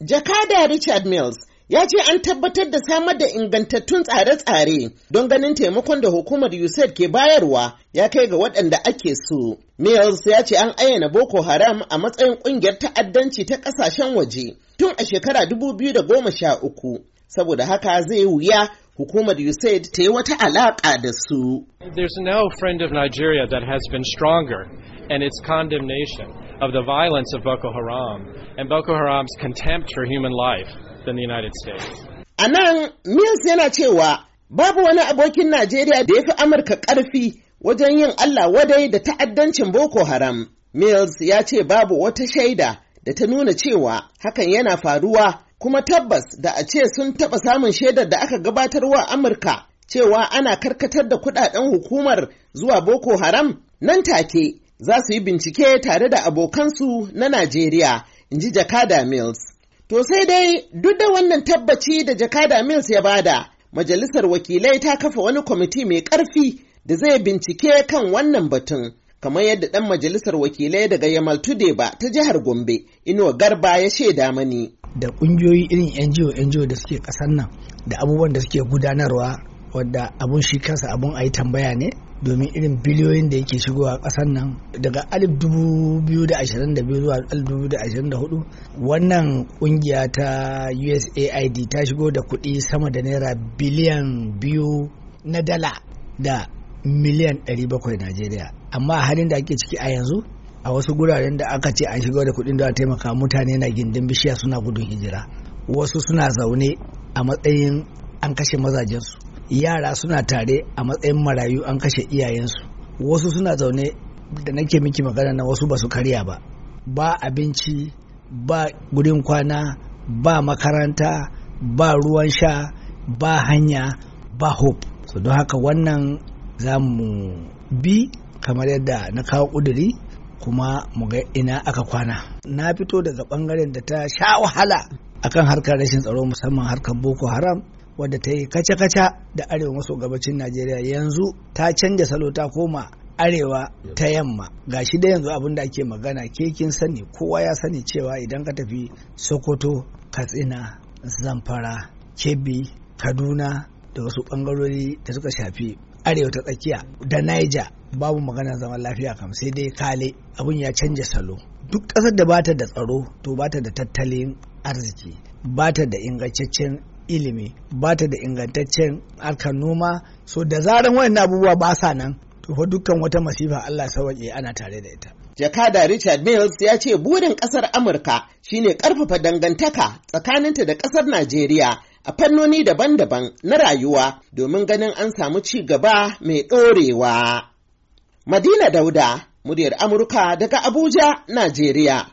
Jakada Richard Mills ya ce an tabbatar da samar da ingantattun tsare-tsare don ganin taimakon da hukumar USAID ke bayarwa ya kai ga waɗanda ake so. Mills ya ce an ayyana Boko Haram a matsayin ƙungiyar ta'addanci ta ƙasashen waje tun a shekara 2013. Saboda haka zai wuya hukumar USAID ta yi wata alaƙa da su. There's no friend of Nigeria that has been stronger and its condemnation. of the violence of Boko Haram and Boko Haram's contempt for human life than the United States. A nan, Mills yana cewa babu wani abokin Najeriya da ya fi Amurka ƙarfi wajen yin Allah wadai da ta'addancin Boko Haram. Mills ya ce babu wata shaida da ta nuna cewa hakan yana faruwa kuma tabbas da a ce sun taɓa samun shaidar da aka gabatarwa Amurka cewa ana karkatar da kuɗaɗen hukumar zuwa Boko Haram nan take za su yi bincike tare da abokansu na Najeriya, in ji Jakada Mills. To sai dai duk da wannan tabbaci da Jakada Mills ya bada, Majalisar Wakilai ta kafa wani kwamiti mai ƙarfi da zai bincike kan wannan batun. Kamar yadda ɗan majalisar wakilai daga Yamal ba ta jihar Gombe, Inuwa Garba ya shaida mani. Da ƙungiyoyi irin NGO NGO da suke ƙasar nan, da abubuwan da suke gudanarwa wadda abun shi kansa abun a yi tambaya ne domin irin biliyoyin da yake shigowa kasan nan daga 2022 zuwa 2024 wannan kungiya ta usaid ta shigo da kuɗi sama da naira biliyan biyu na dala da miliyan 700 najeriya amma a halin da ake ciki a yanzu a wasu guraren da aka ce an shigo da kuɗin da taimaka mutane na gindin bishiya suna gudun hijira wasu suna zaune a matsayin an kashe mazajensu yara suna tare a matsayin marayu an kashe iyayensu wasu suna zaune da nake miki magana na wasu ba su karya ba ba abinci ba gudun kwana ba makaranta ba ruwan sha ba hanya ba hope so don haka wannan za mu bi kamar yadda na kawo ƙuduri kuma mu ga ina aka kwana na fito daga ɓangaren da ta sha wahala akan harkar rashin tsaro musamman harkar boko haram wadda ta yi kaca-kaca da arewa maso gabacin najeriya yanzu ta canja salo ta koma arewa ta yamma ga shi da yanzu abin da ake magana kekin sani kowa ya sani cewa idan ka tafi sokoto katsina zamfara kebbi kaduna da wasu bangarori da suka shafi arewa ta tsakiya da niger babu magana zaman lafiya kam sai dai kale Abun ya canja salo duk ƙasar da bata da tsaro to bata da tattalin arziki bata da ingantaccen ilimi ba ta da ingantaccen harkar noma so da zaran wayannan abubuwa ba sa nan to fa dukkan wata masifa Allah sauke ana tare da ita jakada Richard Mills ya ce burin kasar Amurka shine karfafa dangantaka tsakaninta da kasar Najeriya a fannoni daban-daban na rayuwa domin ganin an samu ci gaba mai ɗorewa. Madina Dauda, muryar Amurka daga Abuja, Najeriya.